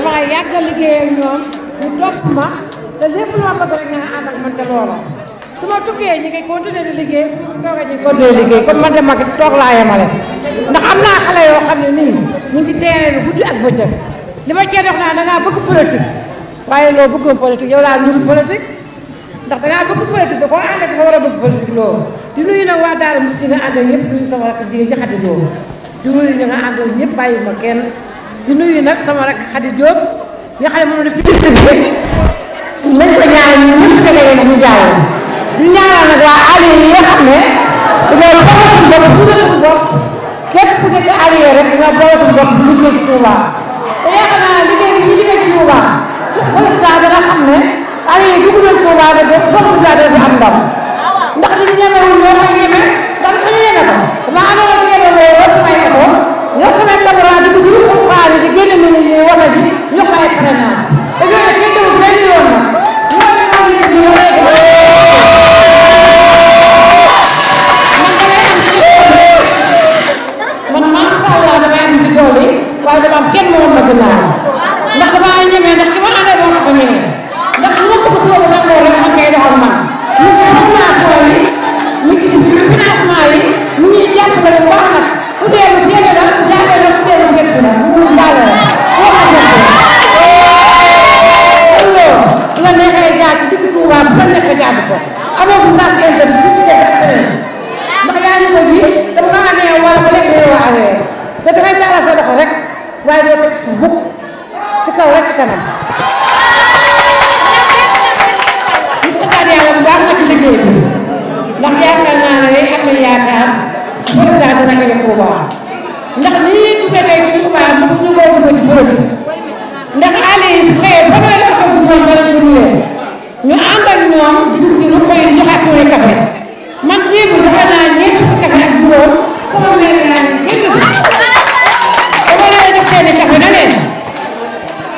dama yàgg a liggéey ak ñoom ñu topp ma te lépp lu ma bëgg rek nga ànd man te loola su ma tukkee ñi ngi continuer di liggéey su ma toogee ñi liggéey comme man de mag toog laa yemale ndax am naa xale yoo xam ne nii ñu ngi teeree lu guddi ak bëccëg li ma cee dox naa dangaa bëgg politique waaye loo bëggoon politique yow laa ñun politique ndax dangaa bëgg politique da koo ànd ak nga war a bëgg politique loolu di nuyu nag waa daara mu si nga ànd ak ñëpp duñu sama di di nuyu nag sama rek Xadi Jóob nga xam ne moom la fi ñu nañ ko ñaanal ñu ñëpp da ngay ñu jaayal di ñaanal nag waa allié yi nga xam ne dañoo boole suñu bopp bu ñu bopp képp ku nekk allié rek dañoo boole suñu bopp bu liggéey ci Touba te yaakaar naa liggéey bi ñu liggéey ci Touba président dana xam ne allié yi dugg nañ Touba de ba foog président dana fi am ndam ndax li ñu ñemewul ñoo koy ñeme ndax dañu ñeme ko dama amee Madina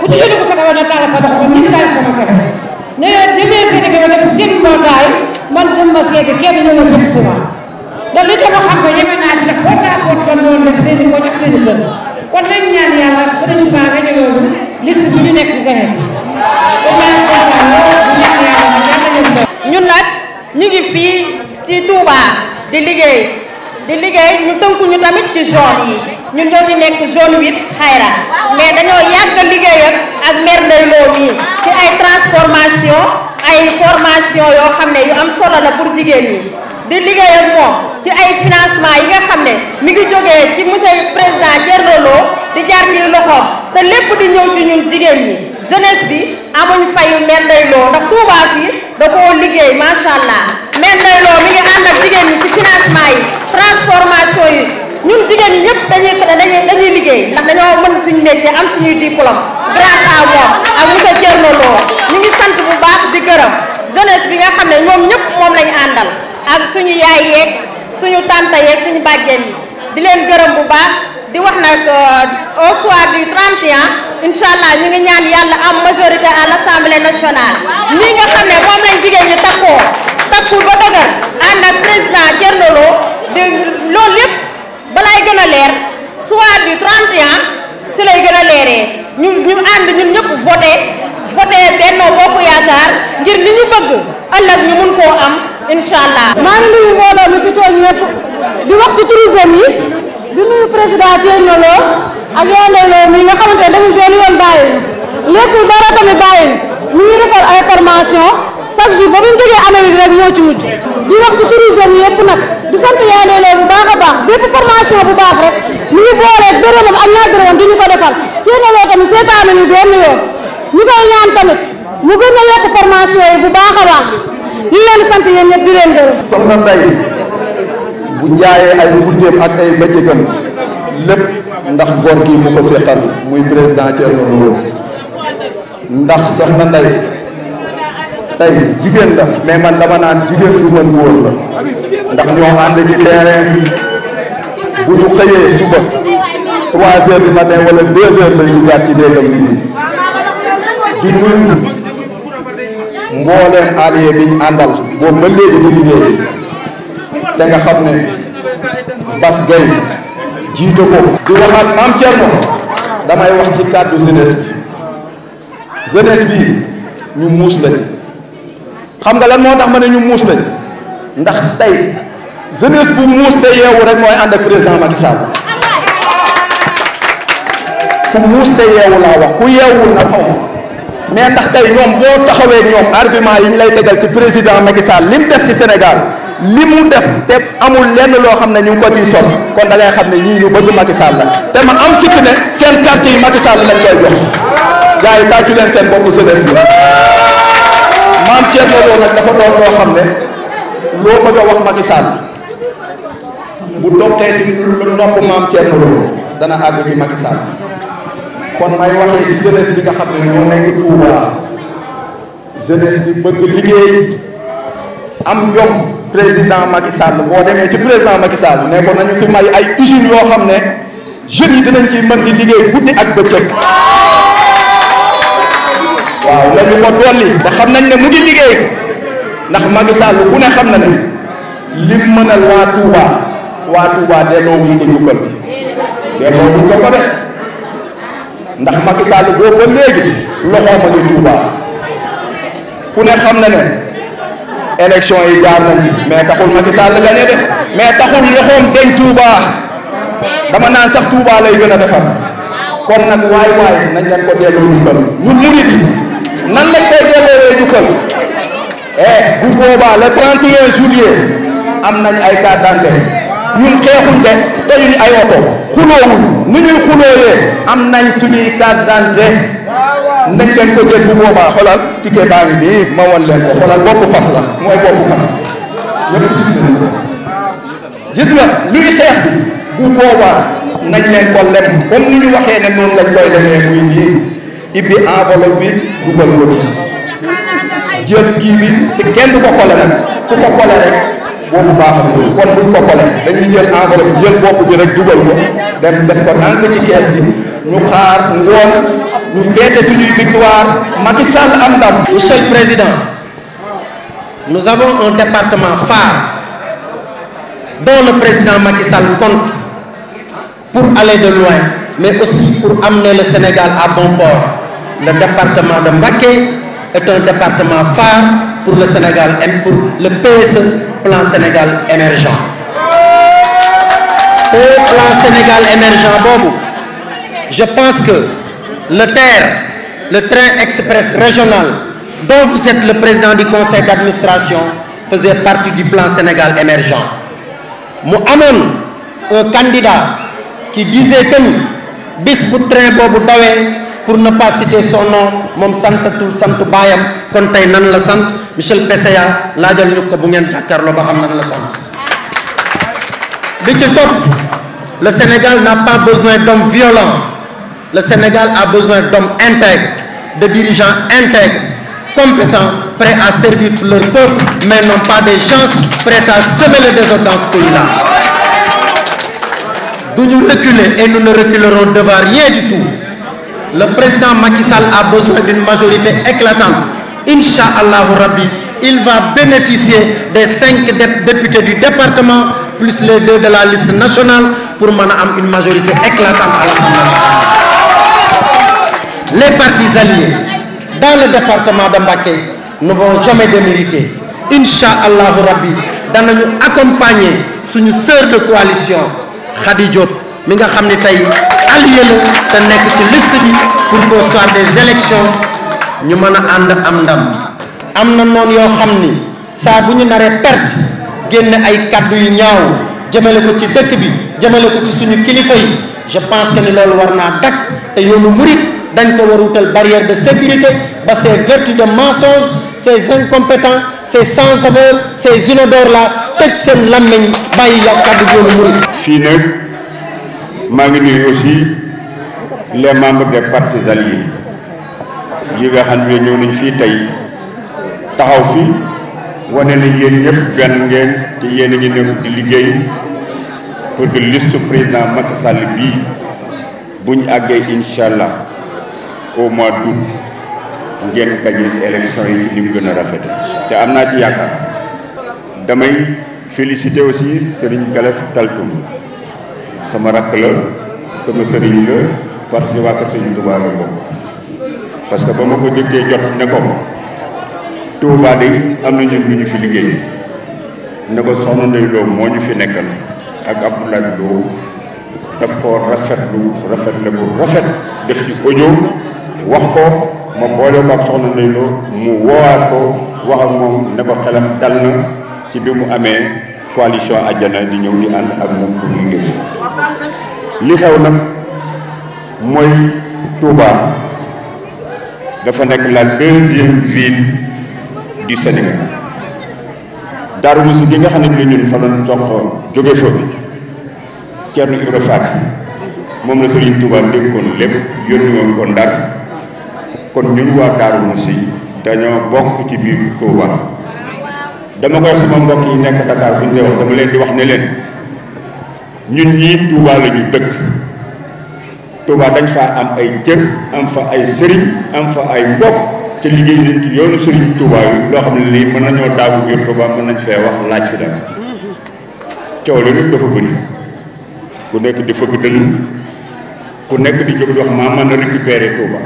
ku ci jëlee ko sa kaw na taal sa dox ba mu taal sama kër ne demee seeti ko def seen mbootaay man dem ma seeti kenn ñëw ma ko ñeme naa ci def boo taa ko fan woon def seen i ko ak seen i kër kon nañ ñaan yàlla sëriñ Ba ñu nag ñu ngi fii ci Touba di liggéey di liggéey ñu tënku ñu tamit ci zone yi ñun ñoo ngi nekk zone huit xayra mais dañoo yàgg liggéey ak maire Ndeye Lo ci ay transformation ay formation yoo xam ne yu am solo la pour jigéen ñi di liggéey ak moom ci ay financement yi nga xam ne mi ngi jógee ci monsieur président Thierno di jaar ñuy loxoom te lépp di ñëw ci ñun jigéen ñi jeunesse bi amuñ fayu maire ndax Touba fii da koo liggéey macha allah. Seen Ndeye mi ngi ànd jigéen ñi ci financement yi transformation yi ñun jigéen ñi ñëpp dañuy dañuy dañuy liggéey ndax dañoo mën suñu métier am suñuy diplôme grâce à moom ak monsieur Thierno Lo ñu ngi sant bu baax di gërëm jeunesse bi nga xam ne moom ñëpp moom lañu àndal ak suñu yaay yeeg suñu tante yeeg suñu bàjjen yi di leen gërëm bu baax di wax nag euh, au soir du 31 incha allah ñu ngi ñaan yàlla am majorité à l' nationale. nii nga xam takku ba dëgër ànd ak président Thierno Lo ci mujj di wax ci tourisme nag di sant yàlla leen bu baax a baax bépp formation bu baax rek mu ngi boolee dërëmam ak ñaar dërëmam di ñu ko defal Thierno Lo yi bu baax a baax ñu leen di leen gërëm. soxna bu njaayee ay guddeem ak ay bëccëgam lépp ndax góor gi mu ko muy président Thierno Lo ndax soxna tey jigéen la mais man dama naan jigéen du mën góor la ndax ñoo ànd ci terrain bi bu ñu xëyee suba trois heures du matin wala deux heures la ñu ci déegam fii di ñu àndal bi ñu muus lañ xam nga lan moo tax ma ne ñu muus lañ ndax tey jeunesse bu muus te yeewu rek mooy ànd ak président Macky Sall ku muus te yeewu laa wax ku yeewul na xaw mais ndax tey ñoom boo taxawee ñoom argument yi ñu lay tegal ci président Macky Sall li mu def ci Sénégal li mu def te amul lenn loo xam ne ñu ngi ko ciy sos kon da xam ne ñii ñu bëgg Macky Sall la te ma am sikk ne seen quartier yi Macky Sall lañ koy jox gars yi tàccu leen seen bopp jeunesse bi. maam Thierno Lo nag dafa doon loo xam ne loo bëgg a wax Macky Sall bu doxee ci nopp maam Thierno Lo dana àgg ci Macky Sall kon may waxee ci jeunesse bi nga xam ne ñoo nekk Touba jeunesse bi bëgg liggéey am jom président Macky Sall boo demee ci président Macky Sall ne ko nañu fi may ay usines yoo xam ne jeunes yi dinañ ci mën di liggéey guddi ak bëccëg. waaw nañu ko dolli te xam nañ ne mu ngi liggéey ndax Macky Sall ku ne xam na ne lim mënal waa Touba waa Touba delloo wuñ ko njukkal bi delloo wuñ ko ko de ndax Macky Sall boobu ba léegi loxoo ma ñu Touba ku ne xam na ne élection yi jaar nañ mais taxul Macky Sall gagné de mais taxul loxoom deñ Touba dama naan sax Touba lay gën a defar kon nag waay waay nañ leen ko delloo njukkal ñun murid yi nan lañ koy delloowee jukkal eh bu boobaa le 31 juillet am nañ ay carte d'identité ñun xeexuñ de teyuñu ay oto xuloowuñ ni ñuy xulooyee am nañ suñuy carte d'identité nañ leen ko jël bu boobaa xoolal ticket baa ngi nii ma wan leen ko xoolal boppu fas la mooy boppu fas ñëpp gis nañ ko gis nga luy xeex bu boobaa nañ leen ko lem comme ni ñu waxee ne noonu lañ koy demee muy nii ibbi enveloppe bi dugal ko ci jël kii bi kenn du ko kole nag ku ko kole rek boobu baaxul kon buñ ko kole dañuy jël enveloppe jël bopp bi rek dugal ko dem def ko naan ci kees bi ñu xaar ngoon ñu fête suñuy victoire Macky am ndam. monsieur président nous avons un département phare dont le président Macky Sall pour aller de loin mais aussi pour amener le Sénégal à bon port. le département de Mbacké est un département phare pour le Sénégal et pour le PSE plan Sénégal émergent au plan Sénégal émergent boobu je pense que le TER le train express régional dont vous êtes le président du conseil d'administration faisait partie du plan Sénégal émergent mu amoon un candidat qui disait que bis bu train boobu dawee pour ne pas citer son nom moom santatul sant baayam kon tey nan la sant monsieur le laajal ñu bu ngeen jàkkaarloo ba xam nan la sant bi ci topp le Sénégal n'a pas besoin d'hommes violents le Sénégal a besoin d'hommes intègres de dirigeants intègres compétents prêts à servir leur peuple mais non pas des gens prêts à semer le désordre dans ce pays-là du ñu reculer et nous ne reculerons devant rien du tout le président Macky à a besoin d'une majorité éclatante incha allahu rabbi il va bénéficier des cinq députés du département plus les deux de la liste nationale pour mën a am une majorité éclatante à l'Assemblée les partis alliés dans le département de Mbacké ne vont jamais démériter incha allahu rabbi danañu accompagner suñu sœur de coalition Khady Diop mi nga xam ne tey allié la te nekk ci liste bi pour qu'au soir des élections ñu mën a ànd am ndam am na noon yoo xam ni saa bu ñu naree perte génn ay kàddu yu ñaaw jëmale ko ci dëkk bi jëmale ko ci suñu kilifa yi je pense que ni loolu war naa dakk te yoonu murit dañ ko war wutal barrière de sécurité ba ces vertus de mensonge ces incompétents ces sans saveur ces inodores là tëj seen làmmiñ bàyyi la kàddu yoonu murit fii nag maa ngi nuyu aussi les membres des partis alliés yi nga xam ne ñëw nañ fii tey taxaw fii wane nañ yéen ñëpp benn ngeen te yéen a ngi nekk di liggéey pour que liste président Macky Sall bii bu àggee incha allah au mois d'août ngeen gañe élection yi ci ni mu gën a rafete te am naa ci yaakaar damay féliciter aussi Serigne Galas Taltoum sama rakk la sama sëriñ la parce que waa kër que ba ma ko jëkkee jot ne ko Tuubaa day am na ñun lu ñu fi liggéey ne ko soxna Ndeye moo ñu fi nekkal ak Abdoulaye Lo daf ko rafetlu rafet la ko rafet def ci audio wax ko ma boole ak soxna Ndeye mu woowaat ko wax moom ne ko xelam dal na ci bi mu amee coalition ajana di ñëw di ànd ak moom pour ñu ngénn li xew nag mooy Touba dafa nekk la deuxième ville du Sénégal Darou Mousty gi nga xam ne bi ñun fa lañ toq jóge fa bi Thierno Ibra moom la Serigne Touba déggoon lépp yónni woon ko Ndar kon ñun waa Darou Mousty dañoo bokk ci biir Touba dama koy sama mbokk yi nekk Dakar bu ñu dee wax dama leen di wax ne leen ñun ñii Touba la dëkk Touba dañ faa am ay jër am fa ay sëriñ am fa ay mbokk te liggéey nañ yoonu sëriñ Touba yi loo xam ne lii mën nañoo daagu biir Touba mën nañ fee wax laaj fi dem coow li nag dafa bëri ku nekk di fëgg dënnu ku nekk di jóg wax maa mën a récupérer Touba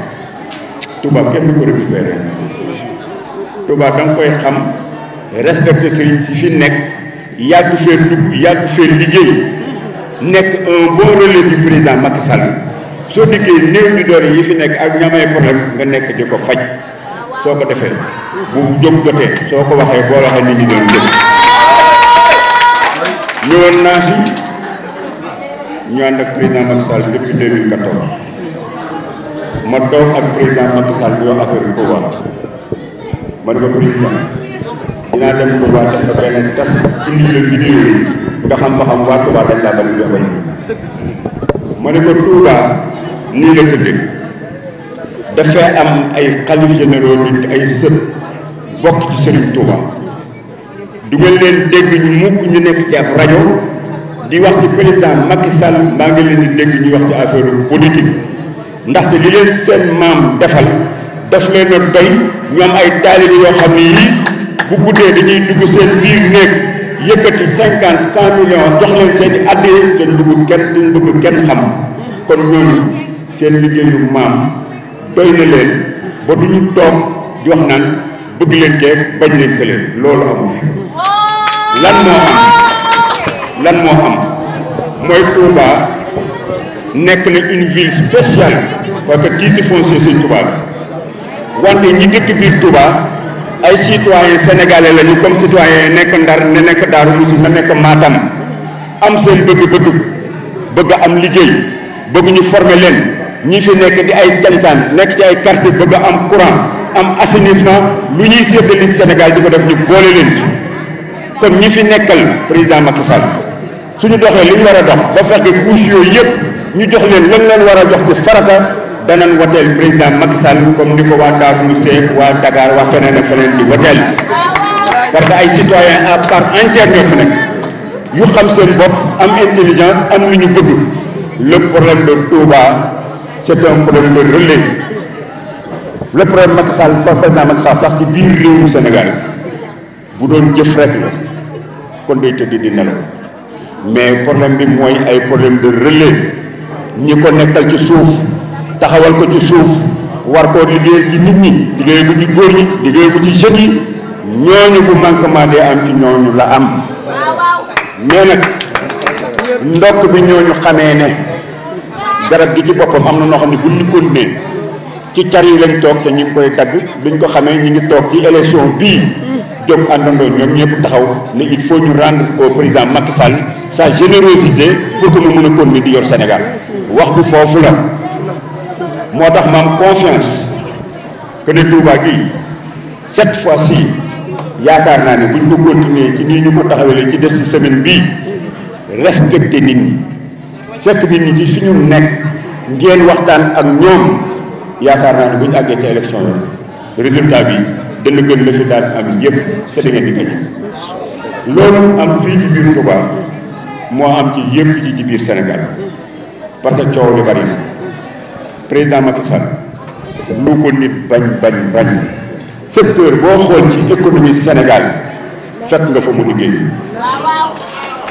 Touba kenn du ko récupérer Touba da koy xam. respecté sëriñ si fi nekk yàgg seen dugg yàgg seen liggéey nekk un bon relais du président Macky Sall soo dikkee néew di doole yi fi nekk ak ñamay problème nga nekk di ko faj soo ko defee bu jóg jotee soo ko waxee boo waxee nit ñi doon jëm ñëwoon naa si ñu ànd ak président Macky Sall depuis 2014 ma toog ak président Macky Sall yoo affaire bi ko wax ma ne ko président dinaa dem Touba def fa benn tas indi la vidéo yi nga xam ba xam waa Touba laa bañ a joxe ma ne ko Touba nii la tudde dafay am ay xalif généraux nit ay sët bokk ci Serigne Touba du nga leen dégg ñu mukk ñu nekk ci ab rajo di wax ci président Macky Sall maa ngi leen di dégg ñuy wax ci affaire politique ndaxte li leen seen maam defal daf leen a doy ay taalibe yoo xam ne yii bu guddee dañuy dugg seen biir néeg yëkkati cinquante cent millions jox leen seen i addee te dugg kenn duñ bëgg kenn xam kon ñooñu seen liggéeyu maam doy na leen ba du ñu toog di wax bëgg leen keeg bañ leen ke loolu amu lan moo am mooy Touba nekk na une ville spéciale parce que titre foncier wante ñi dëkk biir Touba. ay citoyen sénégalais lañu comme citoyen nekk Ndar ne nekk Daaru Musi na nekk Matam am seen bëgg-bëgg bëgg am liggéey bëgg ñu former leen ñi fi nekk di ay cancaan nekk ci ay quartier bëgg a am courant am assainissement lu ñuy séddale Sénégal di ko def ñu boole leen kon ñi fi nekkal président Macky Sall suñu doxee li ñu war a dox ba fexe couche yooyu ñu jox leen lan leen war a jox ci farata danañ woteel président Macky Sall comme ni ko waa Darou Mousse waa Dakar waa feneen ak feneen di woteel parce que ay citoyen à part entière ñoo fi yu xam seen bopp am intelligence am lu ñu bëgg le problème de Touba c' problème de relais le problème Macky Sall président Macky Sall sax ci biir réewum Sénégal bu doon jëf rek la kon day tëdd di nelaw mais problème bi mooy ay problème de relais ñi ko nekkal ci suuf. taxawal ko ci suuf war koo liggéey ci nit ñi liggéey ko ci góor ñi liggéey ko ci jeunes yi ñooñu bu manquement dee am ci ñooñu la am mais nag ndokk bi ñooñu xamee ne garab gi ci boppam am na noo xam ne bu ñu continuer ci car yi lañ toog te ñu ngi koy dagg duñ ko xamee ñu ngi toog ci élection bii jóg àndandoo ñoom ñëpp taxaw ne il foo ñu rendre au président Macky Sall sa générosité pour que mu mën a continuer di yor Sénégal wax bi foofu la moo tax ma am conscience que ne Touba gii fois si yaakaar naa ni buñ ko continuer ci nii ñu ko taxawale ci des ci semaine bii respecter nit ñi fekk nit ñi ci suñu nekk ngeen waxtaan ak ñoom yaakaar naa ne buñ àggee ci élection yi résultat bi dana gën la fi daan am yëpp te da ngeen di gañe loolu am fii ci biir Touba moo am ci yëpp ci ci biir Sénégal parce que coow li bari président Macky Sall lu ko nit bañ bañ bañ secteur boo xool ci économie Sénégal fekk nga fa mu liggéey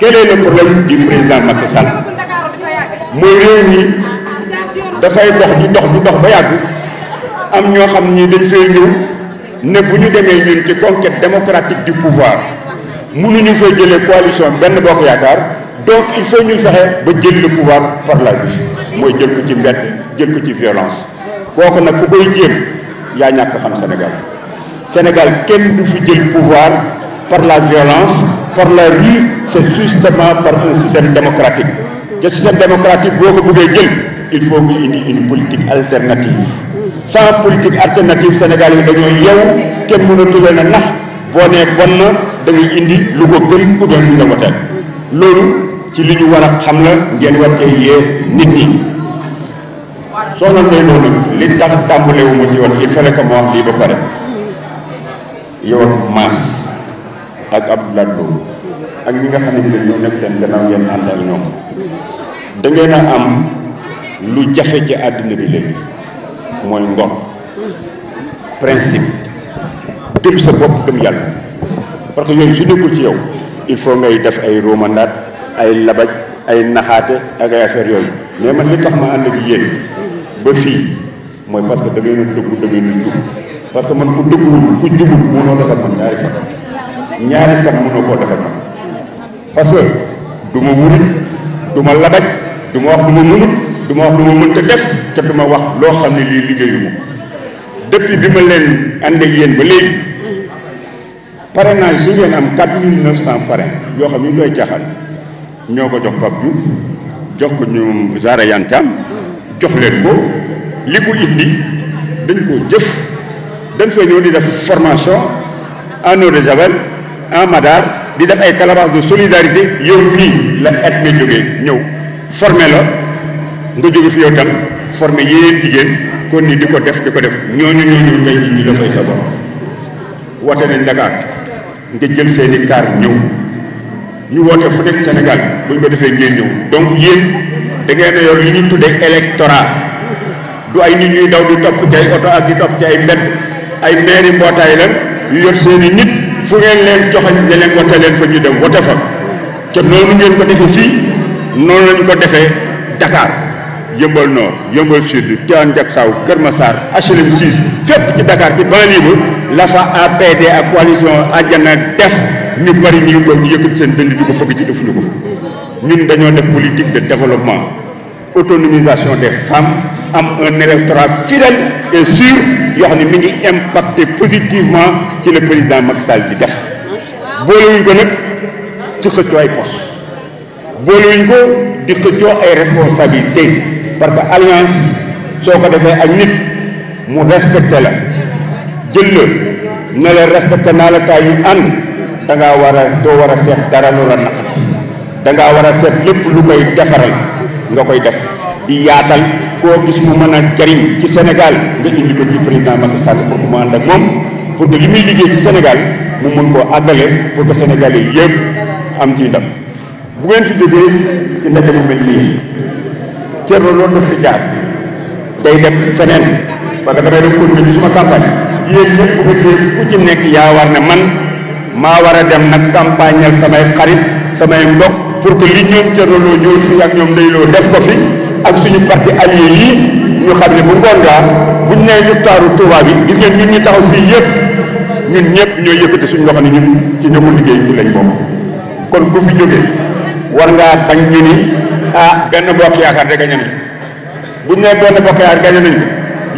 quel est le problème du président Macky Sall mooy réew mi dafay dox di dox di dox ba yàgg am ñoo xam ni dañ fay ñëw ne bu ñu demee ñun ci conquête démocratique du pouvoir mënuñu fay jële coalition benn bokk yaakaar donc il faut ñu fexe ba jël le pouvoir par la vie mooy jël ko ci mbedd jëm ko ci violence kooku nag ku koy jéem yaa ñàkk xam Sénégal Sénégal kenn du fi jël pouvoir par la violence par la rue c'est justement par un système démocratique te système démocratique boo ko bëggee jël il faut que indi une politique alternative sans politique alternative Sénégal yi dañoo yeewu kenn mënatu a nax boo nee bon na da indi lu ko gën ou bien lu woteel loolu ci li ñu war a xam la ngeen war cee nit ñi. soxna Ndeye noonu li tax tàmbalewu ma ci wax il fallait que ma wax lii ba pare yow ak Maas ak ab Lo ak ñi nga xam ne bii ñoo nekk seen gannaaw ngeen ànd ak ñoo da ngeen a am lu jafe ci àddina bi léegi mooy ngor principe gëm sa bopp gëm yàlla parce que yooyu su nekkul ci yow il faut ngay def ay romandaat ay labaj ay naxaate ak ay affaire yooyu mais man li tax ma ànd bi yéen. ba fii mooy parce que da ngay nu dëggu da ngay parce que man ku dëgguwul ku jubul mënoo defar man ñaari fan ñaari fan mënoo koo defar man parce que du ma wurit ma labaj du wax du ma mënut wax du ma mënta def te du ma wax loo xam ne lii liggéeyu ma depuis bi ma leen ànd ak ba léegi parrainage su ngeen am quatre mille neuf cent parrain yoo xam ne ñu doy ñoo ko jox Pape Diouf jox ko ñu Zahra Iyane Thiam jox leen ko li ko indi dañ koo jëf dañ fay ñëw di def formation en eau de javel en madar di def ay calebasse solidarité yow nii la et nga jógee ñëw formé la nga jóge fi yow tam formé yeneen jigéen kon ni di ko def di ko def ñooñu ñooñu ngay ji ñu dafay sa bopp nañ Dakar nga jël seeni kaar ñëw ñu woote fu nekk Sénégal buñ ko defee ngeen ñëw donc yéen da ngeen a yor li ñuy tuddee électorat du ay nit ñuy daw di topp ci ay oto ak di topp ci ay mbedd ay maire mbootaay lan yu yor seeni nit fu ngeen leen joxañ ne leen wote leen fa ñu dem wote fa te noonu ngeen ko defee fii noonu lañ ko defee Dakar yëmbal nord yëmbal sud Tivaouane Diacksao Kër Massar HLM 6 fépp ci Dakar ci banlieue la fa APD ak coalition Adiana def ñu bari ñuy ko ñu yëkkati seen dënd di ko fëgg ci defuñu ko ñun dañoo def politique de développement autonomisation de femmes am un électorat fidèle et sûr yoo xam ne mi ngi impacté positivement ci la président Macky Sall bi def boolewuñ ko nag ci xëccoo ay poste boolewuñ ko di xëccoo ay responsabilité parce que alliance soo ko defee ak nit mu respecté la jël la ne la respecté naa la kaay ñu ànd da ngaa war a doo war a seet dara lu la naq da war a seet lépp lu koy defaral nga koy def di yaatal koo gis mu mën a jariñ ci Sénégal nga indi ko ci président Macky Sall pour que mu ànd ak moom pour que li muy liggéey ci Sénégal mu mun koo àggale pour que Sénégalais yëpp am ci ndam bu ngeen fi ci ndaje mu mel nii cër la loolu daf fi jaar day dem feneen parce que damay def continuer ci suma campagne yéen ñëpp bu ku ci nekk yaa war ne man maa war a dem nag campagnal samay xarit samay mbokk pour que li ñoom cëraloo ñëw si ak ñoom dayloo def ko fi ak suñu parti allié yi ñu xam ne bu ngoon gaa buñ nee ñu taaru Touba bi gis ngeen ñun ñu taxaw fii yëpp ñun ñëpp ñooy yëkkati suñu loxo ne ñun ci ñëmu liggéey ci lañ bokk kon bu fi jógee war ngaa ñu ni ah, benn bokk yaakaar de gañe nañ buñ benn bokk yaakaar gañe nañ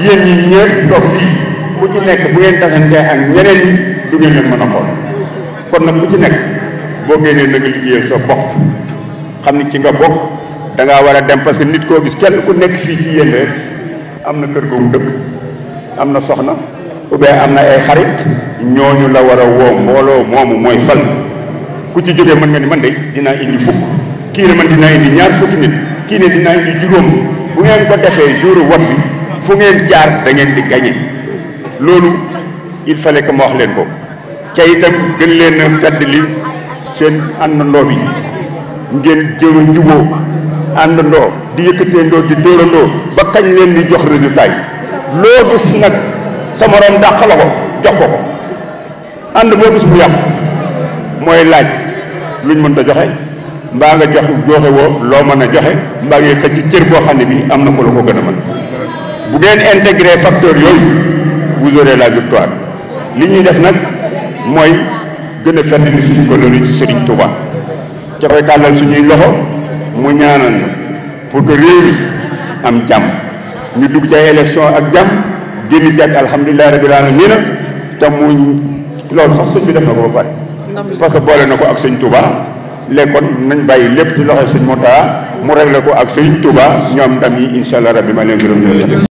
yéen ñi ñëpp toog nekk bu ngeen tasantee ak ñeneen ñi du ngeen mën a xool kon nag ku ci nekk boo génnee na nga liggéeyal sa bopp xam ni ci nga bokk da war a dem parce que nit koo gis kenn ku nekk fii ci yéen rek am na kër gu mu dëkk am na soxna ou am na ay xarit ñooñu la war a woo mbooloo moomu mooy fal ku ci jógee mën nga ni man de dinaa indi fukk kii ne man dinaa indi ñaar fukki nit kii ne dinaa indi juróom bu ngeen ko defee jour wot bi fu ngeen jaar da di gañe loolu il fallait que ma wax leen ko ca itam gën leen a feddali seen àndandoo bi ngeen jëru njuboo àndandoo di yëkkateendoo di dóorandoo ba kañ leen di jox résultat yi loo gis nag sama morom dàq ko jox ko ko ànd boo gis bu yàqu mooy laaj luñ mënta joxe mbaa nga jox joxe woo loo mën a joxe mbaa ngay xëcc cër boo xam ne bii am na ko la ko gën a mën bu ngeen intégré facteur yooyu vous aurez la victoire li ñuy def nag mooy gën a fàttali suñu kóllëre ci Serigne Touba. ca koy tàllal suñuy loxo mu ñaanal pour que réew mi am jàmm ñu dugg ci ay ak jàmm génn ci ak alhamdulilah rabbil alamin te mu loolu sax sëñ bi def na ko ba pare. parce que boole na ko ak sëñ Touba léegi kon nañ bàyyi lépp ci loxo sëñ Mountakha mu réglé ko ak sëñ Touba ñoom ndam yi incha allah rabbi ma leen gërëm